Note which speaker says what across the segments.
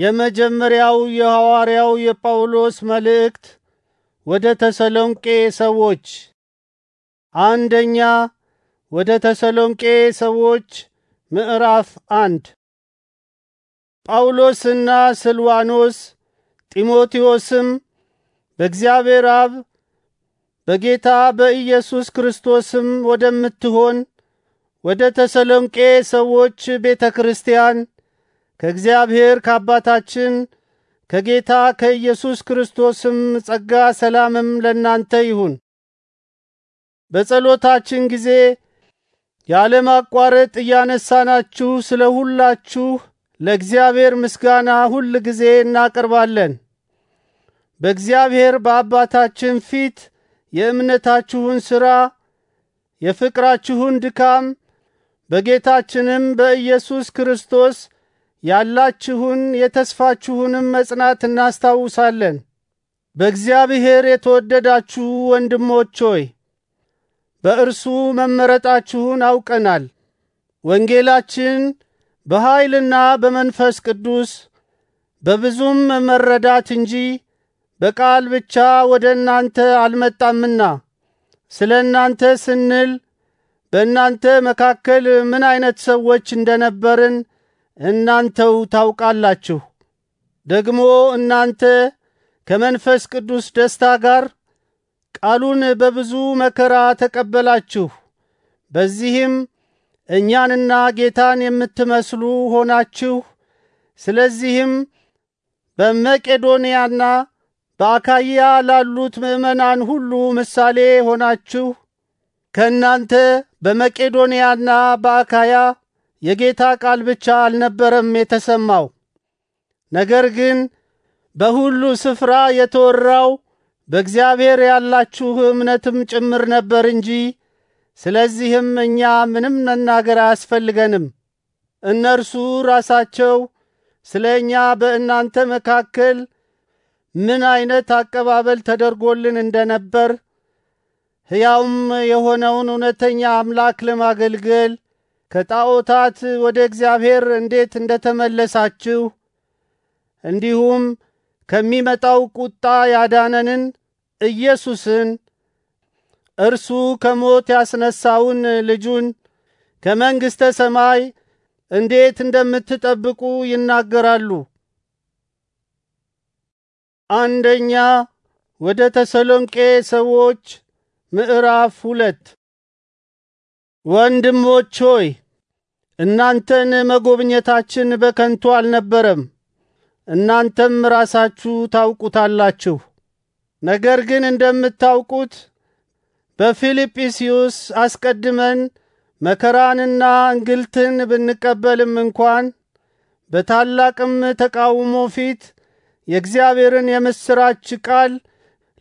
Speaker 1: የመጀመሪያው የሐዋርያው የጳውሎስ መልእክት ወደ ተሰሎንቄ ሰዎች። አንደኛ ወደ ተሰሎንቄ ሰዎች ምዕራፍ አንድ ጳውሎስና ስልዋኖስ ጢሞቴዎስም በእግዚአብሔር አብ በጌታ በኢየሱስ ክርስቶስም ወደምትሆን ወደ ተሰሎንቄ ሰዎች ቤተ ክርስቲያን ከእግዚአብሔር ከአባታችን ከጌታ ከኢየሱስ ክርስቶስም ጸጋ ሰላምም ለእናንተ ይሁን። በጸሎታችን ጊዜ ያለማቋረጥ እያነሳናችሁ ስለ ሁላችሁ ለእግዚአብሔር ምስጋና ሁል ጊዜ እናቀርባለን። በእግዚአብሔር በአባታችን ፊት የእምነታችሁን ሥራ፣ የፍቅራችሁን ድካም በጌታችንም በኢየሱስ ክርስቶስ ያላችሁን የተስፋችሁንም መጽናት እናስታውሳለን። በእግዚአብሔር የተወደዳችሁ ወንድሞች ሆይ በእርሱ መመረጣችሁን አውቀናል። ወንጌላችን በኃይልና በመንፈስ ቅዱስ በብዙም መረዳት እንጂ በቃል ብቻ ወደ እናንተ አልመጣምና ስለ እናንተ ስንል በእናንተ መካከል ምን አይነት ሰዎች እንደነበርን እናንተው ታውቃላችሁ። ደግሞ እናንተ ከመንፈስ ቅዱስ ደስታ ጋር ቃሉን በብዙ መከራ ተቀበላችሁ። በዚህም እኛንና ጌታን የምትመስሉ ሆናችሁ። ስለዚህም በመቄዶንያና በአካያ ላሉት ምእመናን ሁሉ ምሳሌ ሆናችሁ። ከእናንተ በመቄዶንያና በአካያ የጌታ ቃል ብቻ አልነበረም የተሰማው፣ ነገር ግን በሁሉ ስፍራ የተወራው በእግዚአብሔር ያላችሁ እምነትም ጭምር ነበር እንጂ። ስለዚህም እኛ ምንም መናገር አያስፈልገንም። እነርሱ ራሳቸው ስለ እኛ በእናንተ መካከል ምን አይነት አቀባበል ተደርጎልን እንደነበር ሕያውም የሆነውን እውነተኛ አምላክ ለማገልገል ከጣዖታት ወደ እግዚአብሔር እንዴት እንደ ተመለሳችሁ እንዲሁም ከሚመጣው ቁጣ ያዳነንን ኢየሱስን እርሱ ከሞት ያስነሳውን ልጁን ከመንግሥተ ሰማይ እንዴት እንደምትጠብቁ ይናገራሉ። አንደኛ ወደ ተሰሎንቄ ሰዎች ምዕራፍ ሁለት ወንድሞች ሆይ እናንተን መጎብኘታችን በከንቱ አልነበረም፣ እናንተም ራሳችሁ ታውቁታላችሁ። ነገር ግን እንደምታውቁት በፊልጵስዩስ አስቀድመን መከራንና እንግልትን ብንቀበልም እንኳን በታላቅም ተቃውሞ ፊት የእግዚአብሔርን የምስራች ቃል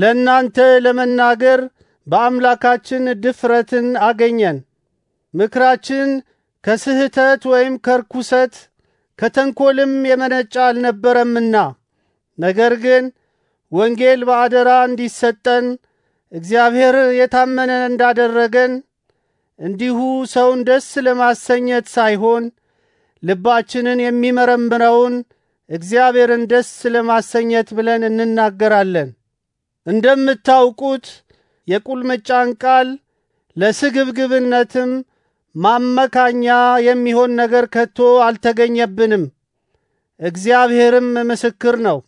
Speaker 1: ለእናንተ ለመናገር በአምላካችን ድፍረትን አገኘን። ምክራችን ከስህተት ወይም ከርኩሰት ከተንኮልም የመነጨ አልነበረምና፣ ነገር ግን ወንጌል በአደራ እንዲሰጠን እግዚአብሔር የታመነ እንዳደረገን እንዲሁ ሰውን ደስ ለማሰኘት ሳይሆን ልባችንን የሚመረምረውን እግዚአብሔርን ደስ ለማሰኘት ብለን እንናገራለን። እንደምታውቁት የቁልምጫን ቃል ለስግብግብነትም ማመካኛ የሚሆን ነገር ከቶ አልተገኘብንም፣ እግዚአብሔርም ምስክር ነው።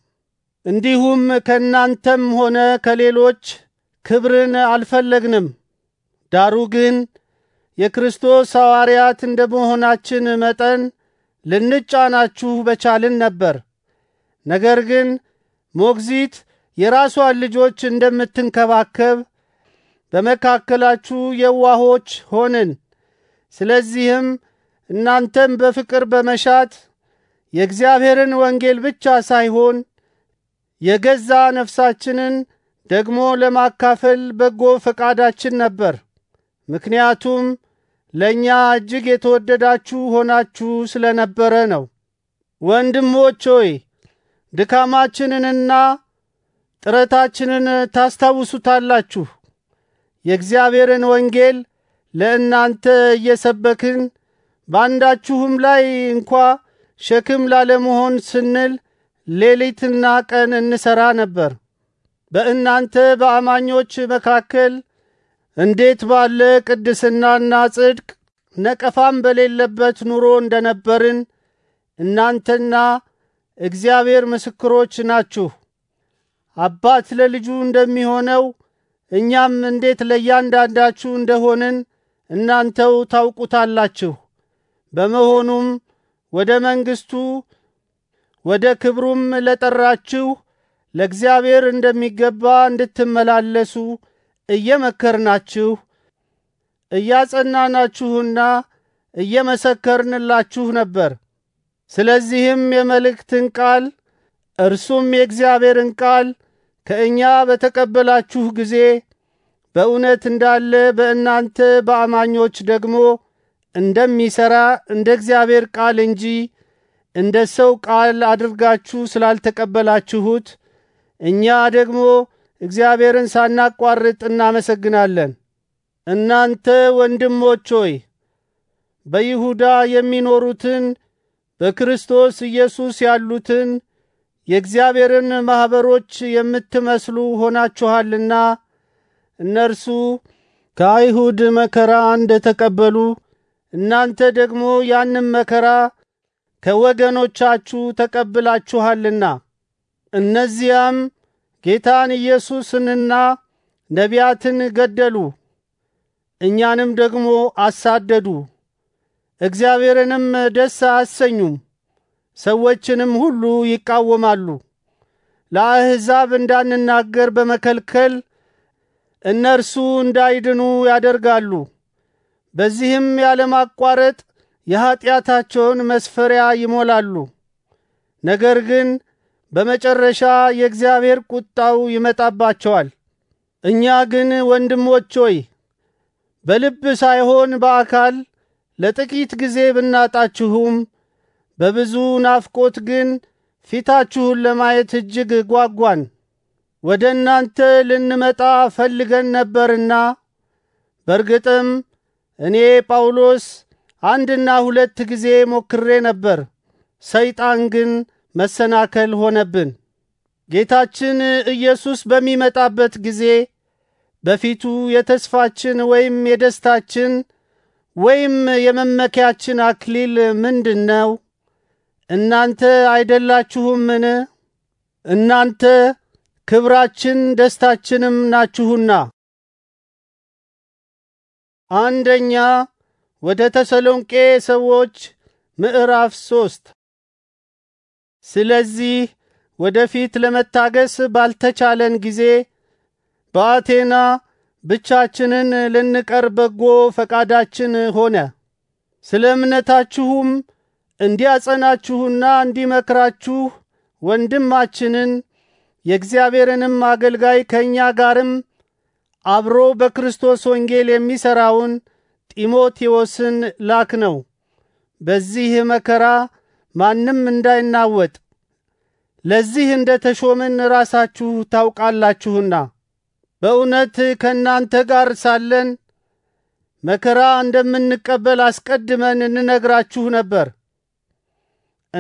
Speaker 1: እንዲሁም ከእናንተም ሆነ ከሌሎች ክብርን አልፈለግንም። ዳሩ ግን የክርስቶስ ሐዋርያት እንደ መሆናችን መጠን ልንጫናችሁ በቻልን ነበር። ነገር ግን ሞግዚት የራሷን ልጆች እንደምትንከባከብ በመካከላችሁ የዋሆች ሆንን። ስለዚህም እናንተም በፍቅር በመሻት የእግዚአብሔርን ወንጌል ብቻ ሳይሆን የገዛ ነፍሳችንን ደግሞ ለማካፈል በጎ ፈቃዳችን ነበር። ምክንያቱም ለእኛ እጅግ የተወደዳችሁ ሆናችሁ ስለነበረ ነው። ወንድሞች ሆይ ድካማችንንና ጥረታችንን ታስታውሱታላችሁ። የእግዚአብሔርን ወንጌል ለእናንተ እየሰበክን በአንዳችሁም ላይ እንኳ ሸክም ላለመሆን ስንል ሌሊትና ቀን እንሰራ ነበር። በእናንተ በአማኞች መካከል እንዴት ባለ ቅድስናና ጽድቅ ነቀፋም በሌለበት ኑሮ እንደነበርን እናንተና እግዚአብሔር ምስክሮች ናችሁ። አባት ለልጁ እንደሚሆነው እኛም እንዴት ለእያንዳንዳችሁ እንደሆንን እናንተው ታውቁታላችሁ። በመሆኑም ወደ መንግስቱ ወደ ክብሩም ለጠራችሁ ለእግዚአብሔር እንደሚገባ እንድትመላለሱ እየመከርናችሁ እያጸናናችሁና እየመሰከርንላችሁ ነበር። ስለዚህም የመልእክትን ቃል እርሱም የእግዚአብሔርን ቃል ከእኛ በተቀበላችሁ ጊዜ በእውነት እንዳለ በእናንተ በአማኞች ደግሞ እንደሚሰራ እንደ እግዚአብሔር ቃል እንጂ እንደ ሰው ቃል አድርጋችሁ ስላልተቀበላችሁት እኛ ደግሞ እግዚአብሔርን ሳናቋርጥ እናመሰግናለን። እናንተ ወንድሞች ሆይ በይሁዳ የሚኖሩትን በክርስቶስ ኢየሱስ ያሉትን የእግዚአብሔርን ማኅበሮች የምትመስሉ ሆናችኋልና እነርሱ ከአይሁድ መከራ እንደ ተቀበሉ እናንተ ደግሞ ያንም መከራ ከወገኖቻችሁ ተቀብላችኋልና። እነዚያም ጌታን ኢየሱስንና ነቢያትን ገደሉ፣ እኛንም ደግሞ አሳደዱ፣ እግዚአብሔርንም ደስ አያሰኙም፣ ሰዎችንም ሁሉ ይቃወማሉ። ለአሕዛብ እንዳንናገር በመከልከል እነርሱ እንዳይድኑ ያደርጋሉ። በዚህም ያለማቋረጥ የኀጢአታቸውን መስፈሪያ ይሞላሉ። ነገር ግን በመጨረሻ የእግዚአብሔር ቁጣው ይመጣባቸዋል። እኛ ግን ወንድሞች ሆይ በልብ ሳይሆን በአካል ለጥቂት ጊዜ ብናጣችሁም በብዙ ናፍቆት ግን ፊታችሁን ለማየት እጅግ ጓጓን። ወደ እናንተ ልንመጣ ፈልገን ነበርና በእርግጥም እኔ ጳውሎስ አንድና ሁለት ጊዜ ሞክሬ ነበር፣ ሰይጣን ግን መሰናከል ሆነብን። ጌታችን ኢየሱስ በሚመጣበት ጊዜ በፊቱ የተስፋችን ወይም የደስታችን ወይም የመመኪያችን አክሊል ምንድን ነው? እናንተ አይደላችሁምን? እናንተ ክብራችን ደስታችንም ናችሁና። አንደኛ ወደ ተሰሎንቄ ሰዎች ምዕራፍ ሶስት ስለዚህ ወደፊት ለመታገስ ባልተቻለን ጊዜ በአቴና ብቻችንን ልንቀር በጎ ፈቃዳችን ሆነ። ስለ እምነታችሁም እንዲያጸናችሁና እንዲመክራችሁ ወንድማችንን የእግዚአብሔርንም አገልጋይ ከእኛ ጋርም አብሮ በክርስቶስ ወንጌል የሚሠራውን ጢሞቴዎስን ላክ ነው። በዚህ መከራ ማንም እንዳይናወጥ ለዚህ እንደ ተሾምን ራሳችሁ ታውቃላችሁና። በእውነት ከእናንተ ጋር ሳለን መከራ እንደምንቀበል አስቀድመን እንነግራችሁ ነበር።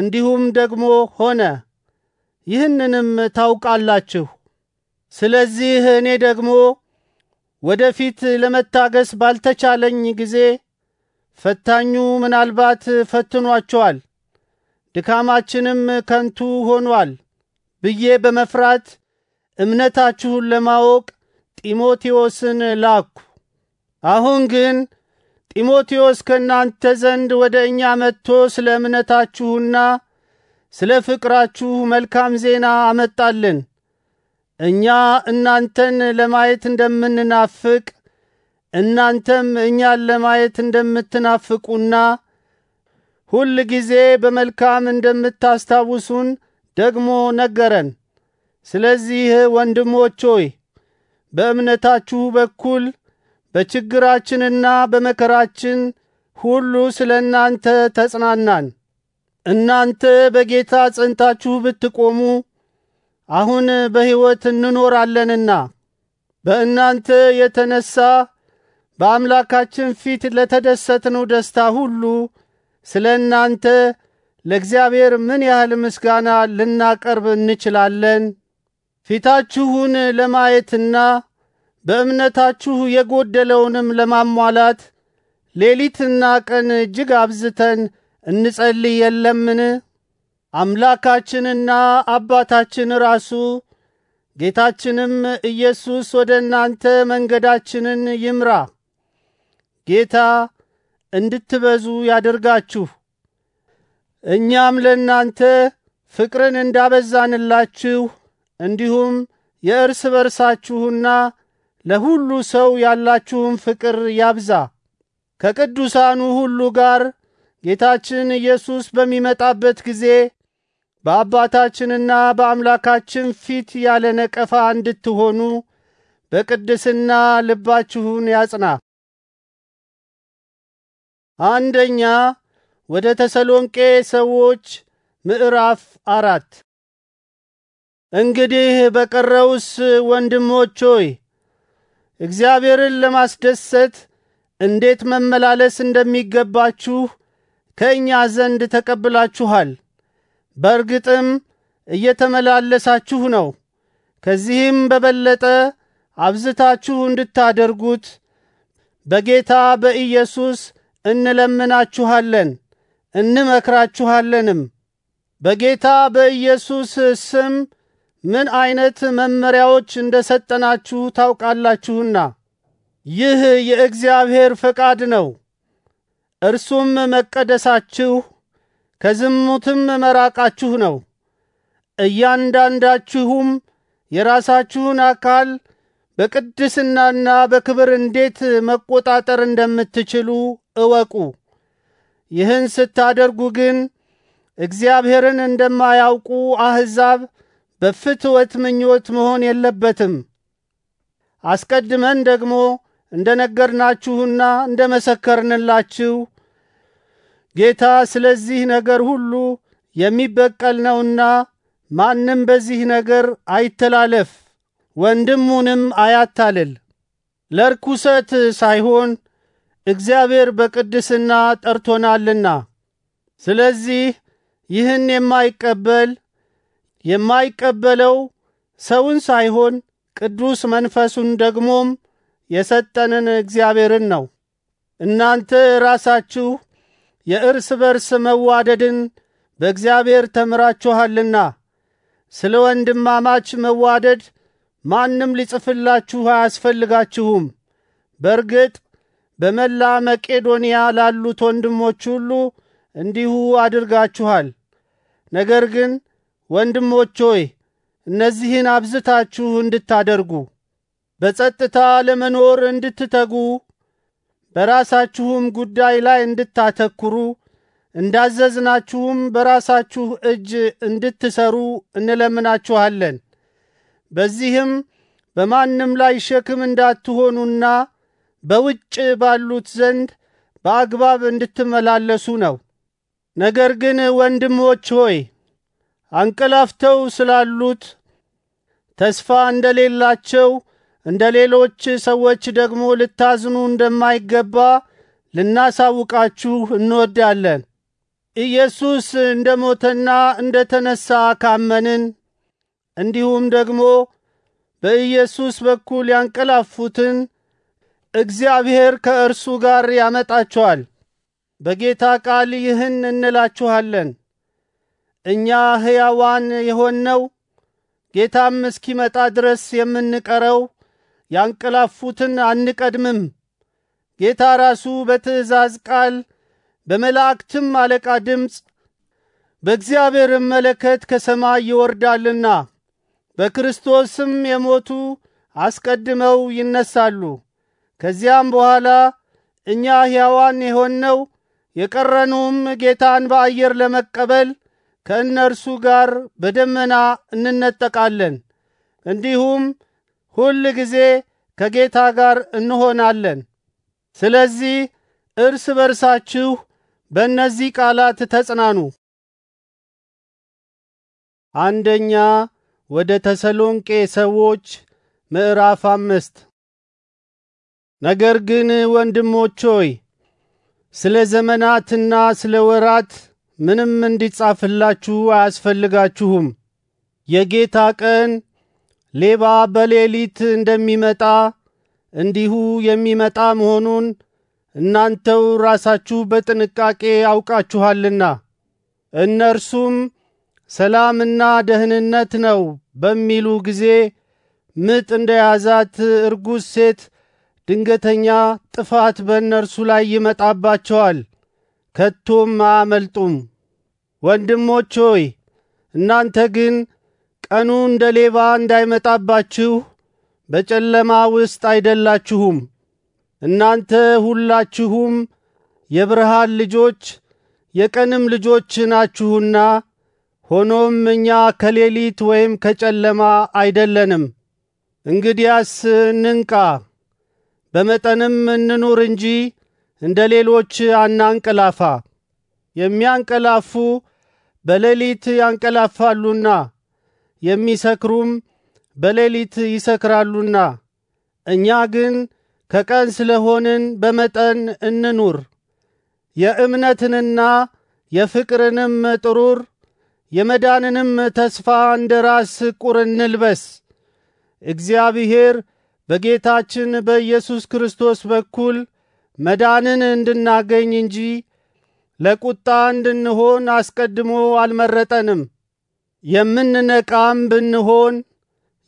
Speaker 1: እንዲሁም ደግሞ ሆነ። ይህንንም ታውቃላችሁ። ስለዚህ እኔ ደግሞ ወደፊት ለመታገስ ባልተቻለኝ ጊዜ ፈታኙ ምናልባት ፈትኗቸዋል፣ ድካማችንም ከንቱ ሆኗል ብዬ በመፍራት እምነታችሁን ለማወቅ ጢሞቴዎስን ላኩ። አሁን ግን ጢሞቴዎስ ከእናንተ ዘንድ ወደ እኛ መጥቶ ስለ እምነታችሁና ስለ ፍቅራችሁ መልካም ዜና አመጣልን። እኛ እናንተን ለማየት እንደምንናፍቅ እናንተም እኛን ለማየት እንደምትናፍቁና ሁል ጊዜ በመልካም እንደምታስታውሱን ደግሞ ነገረን። ስለዚህ ወንድሞች ሆይ በእምነታችሁ በኩል በችግራችንና በመከራችን ሁሉ ስለ እናንተ ተጽናናን። እናንተ በጌታ ጸንታችሁ ብትቆሙ አሁን በሕይወት እንኖራለንና በእናንተ የተነሳ በአምላካችን ፊት ለተደሰትነው ደስታ ሁሉ ስለ እናንተ ለእግዚአብሔር ምን ያህል ምስጋና ልናቀርብ እንችላለን? ፊታችሁን ለማየትና በእምነታችሁ የጎደለውንም ለማሟላት ሌሊትና ቀን እጅግ አብዝተን እንጸልይ የለምን? አምላካችንና አባታችን ራሱ ጌታችንም ኢየሱስ ወደ እናንተ መንገዳችንን ይምራ። ጌታ እንድትበዙ ያደርጋችሁ፣ እኛም ለእናንተ ፍቅርን እንዳበዛንላችሁ እንዲሁም የእርስ በርሳችሁና ለሁሉ ሰው ያላችሁን ፍቅር ያብዛ። ከቅዱሳኑ ሁሉ ጋር ጌታችን ኢየሱስ በሚመጣበት ጊዜ በአባታችንና በአምላካችን ፊት ያለ ነቀፋ እንድትሆኑ በቅድስና ልባችሁን ያጽና። አንደኛ ወደ ተሰሎንቄ ሰዎች ምዕራፍ አራት እንግዲህ በቀረውስ ወንድሞች ሆይ እግዚአብሔርን ለማስደሰት እንዴት መመላለስ እንደሚገባችሁ ከእኛ ዘንድ ተቀብላችኋል፣ በእርግጥም እየተመላለሳችሁ ነው። ከዚህም በበለጠ አብዝታችሁ እንድታደርጉት በጌታ በኢየሱስ እንለምናችኋለን እንመክራችኋለንም። በጌታ በኢየሱስ ስም ምን አይነት መመሪያዎች እንደ ሰጠናችሁ ታውቃላችሁና ይህ የእግዚአብሔር ፈቃድ ነው። እርሱም መቀደሳችሁ ከዝሙትም መራቃችሁ ነው። እያንዳንዳችሁም የራሳችሁን አካል በቅድስናና በክብር እንዴት መቆጣጠር እንደምትችሉ እወቁ። ይህን ስታደርጉ ግን እግዚአብሔርን እንደማያውቁ አሕዛብ በፍትወት ምኞት መሆን የለበትም። አስቀድመን ደግሞ እንደ ነገርናችሁና እንደ መሰከርንላችሁ ጌታ ስለዚህ ነገር ሁሉ የሚበቀል ነውና ማንም በዚህ ነገር አይተላለፍ፣ ወንድሙንም አያታልል። ለርኩሰት ሳይሆን እግዚአብሔር በቅድስና ጠርቶናልና። ስለዚህ ይህን የማይቀበል የማይቀበለው ሰውን ሳይሆን ቅዱስ መንፈሱን ደግሞም የሰጠንን እግዚአብሔርን ነው። እናንተ ራሳችሁ የእርስ በርስ መዋደድን በእግዚአብሔር ተምራችኋልና ስለ ወንድማማች መዋደድ ማንም ሊጽፍላችሁ አያስፈልጋችሁም። በእርግጥ በመላ መቄዶንያ ላሉት ወንድሞች ሁሉ እንዲሁ አድርጋችኋል። ነገር ግን ወንድሞች ሆይ እነዚህን አብዝታችሁ እንድታደርጉ በጸጥታ ለመኖር እንድትተጉ በራሳችሁም ጉዳይ ላይ እንድታተኩሩ እንዳዘዝናችሁም በራሳችሁ እጅ እንድትሰሩ እንለምናችኋለን። በዚህም በማንም ላይ ሸክም እንዳትሆኑና በውጭ ባሉት ዘንድ በአግባብ እንድትመላለሱ ነው። ነገር ግን ወንድሞች ሆይ አንቀላፍተው ስላሉት ተስፋ እንደሌላቸው እንደ ሌሎች ሰዎች ደግሞ ልታዝኑ እንደማይገባ ልናሳውቃችሁ እንወዳለን። ኢየሱስ እንደ ሞተና እንደ ተነሳ ካመንን እንዲሁም ደግሞ በኢየሱስ በኩል ያንቀላፉትን እግዚአብሔር ከእርሱ ጋር ያመጣችኋል። በጌታ ቃል ይህን እንላችኋለን፣ እኛ ሕያዋን የሆነው ጌታም እስኪመጣ ድረስ የምንቀረው ያንቀላፉትን አንቀድምም። ጌታ ራሱ በትእዛዝ ቃል በመላእክትም አለቃ ድምፅ በእግዚአብሔርም መለከት ከሰማይ ይወርዳልና በክርስቶስም የሞቱ አስቀድመው ይነሳሉ። ከዚያም በኋላ እኛ ሕያዋን የሆንነው የቀረኑም ጌታን በአየር ለመቀበል ከእነርሱ ጋር በደመና እንነጠቃለን። እንዲሁም ሁል ጊዜ ከጌታ ጋር እንሆናለን። ስለዚህ እርስ በርሳችሁ በእነዚህ ቃላት ተጽናኑ። አንደኛ ወደ ተሰሎንቄ ሰዎች ምዕራፍ አምስት ነገር ግን ወንድሞች ሆይ ስለ ዘመናትና ስለ ወራት ምንም እንዲጻፍላችሁ አያስፈልጋችሁም። የጌታ ቀን ሌባ በሌሊት እንደሚመጣ እንዲሁ የሚመጣ መሆኑን እናንተው ራሳችሁ በጥንቃቄ አውቃችኋልና። እነርሱም ሰላምና ደህንነት ነው በሚሉ ጊዜ ምጥ እንደያዛት እርጉዝ ሴት ድንገተኛ ጥፋት በእነርሱ ላይ ይመጣባቸዋል፣ ከቶም አያመልጡም። ወንድሞች ሆይ እናንተ ግን ቀኑ እንደ ሌባ እንዳይመጣባችሁ በጨለማ ውስጥ አይደላችሁም። እናንተ ሁላችሁም የብርሃን ልጆች የቀንም ልጆች ናችሁና፣ ሆኖም እኛ ከሌሊት ወይም ከጨለማ አይደለንም። እንግዲያስ እንንቃ፣ በመጠንም እንኑር እንጂ እንደ ሌሎች አናንቀላፋ። የሚያንቀላፉ በሌሊት ያንቀላፋሉና የሚሰክሩም በሌሊት ይሰክራሉና እኛ ግን ከቀን ስለሆንን በመጠን እንኑር። የእምነትንና የፍቅርንም ጥሩር የመዳንንም ተስፋ እንደ ራስ ቁር እንልበስ። እግዚአብሔር በጌታችን በኢየሱስ ክርስቶስ በኩል መዳንን እንድናገኝ እንጂ ለቁጣ እንድንሆን አስቀድሞ አልመረጠንም። የምንነቃም ብንሆን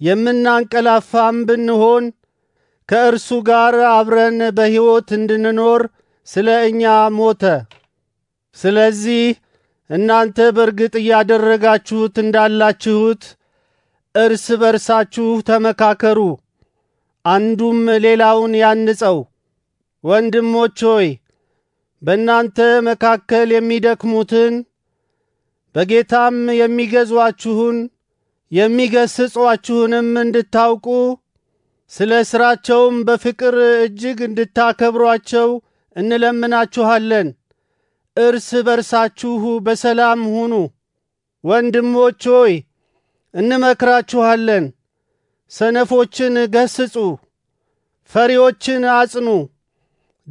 Speaker 1: የምናንቀላፋም ብንሆን ከእርሱ ጋር አብረን በሕይወት እንድንኖር ስለ እኛ ሞተ። ስለዚህ እናንተ በእርግጥ እያደረጋችሁት እንዳላችሁት እርስ በርሳችሁ ተመካከሩ፣ አንዱም ሌላውን ያንጸው። ወንድሞች ሆይ በእናንተ መካከል የሚደክሙትን በጌታም የሚገዟችሁን የሚገስጿችሁንም እንድታውቁ ስለ ሥራቸውም በፍቅር እጅግ እንድታከብሯቸው እንለምናችኋለን። እርስ በርሳችሁ በሰላም ሁኑ። ወንድሞች ሆይ እንመክራችኋለን። ሰነፎችን ገስጹ፣ ፈሪዎችን አጽኑ፣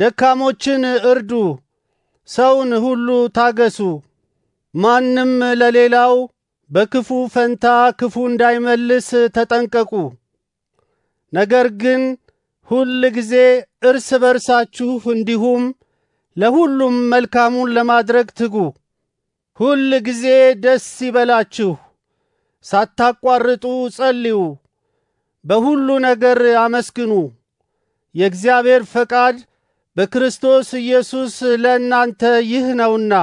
Speaker 1: ደካሞችን እርዱ፣ ሰውን ሁሉ ታገሱ። ማንም ለሌላው በክፉ ፈንታ ክፉ እንዳይመልስ ተጠንቀቁ። ነገር ግን ሁል ጊዜ እርስ በርሳችሁ እንዲሁም ለሁሉም መልካሙን ለማድረግ ትጉ። ሁል ጊዜ ደስ ይበላችሁ፣ ሳታቋርጡ ጸልዩ፣ በሁሉ ነገር አመስግኑ። የእግዚአብሔር ፈቃድ በክርስቶስ ኢየሱስ ለእናንተ ይህ ነውና።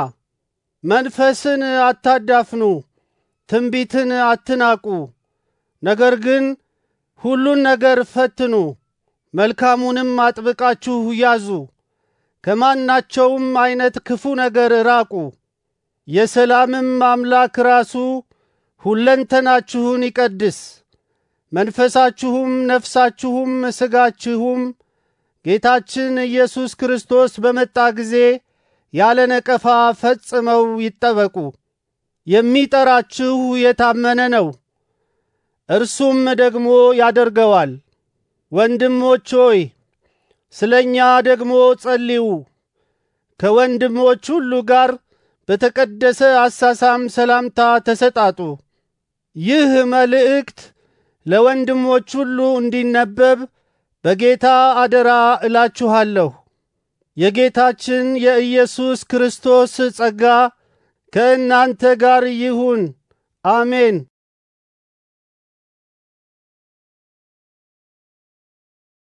Speaker 1: መንፈስን አታዳፍኑ፣ ትንቢትን አትናቁ። ነገር ግን ሁሉን ነገር ፈትኑ፣ መልካሙንም አጥብቃችሁ ያዙ። ከማናቸውም አይነት ክፉ ነገር ራቁ። የሰላምም አምላክ ራሱ ሁለንተናችሁን ይቀድስ፣ መንፈሳችሁም፣ ነፍሳችሁም፣ ስጋችሁም ጌታችን ኢየሱስ ክርስቶስ በመጣ ጊዜ ያለ ነቀፋ ፈጽመው ይጠበቁ። የሚጠራችሁ የታመነ ነው፣ እርሱም ደግሞ ያደርገዋል። ወንድሞች ሆይ ስለ እኛ ደግሞ ጸልዩ። ከወንድሞች ሁሉ ጋር በተቀደሰ አሳሳም ሰላምታ ተሰጣጡ። ይህ መልእክት ለወንድሞች ሁሉ እንዲነበብ በጌታ አደራ እላችኋለሁ። የጌታችን የኢየሱስ ክርስቶስ ጸጋ ከእናንተ ጋር ይሁን። አሜን።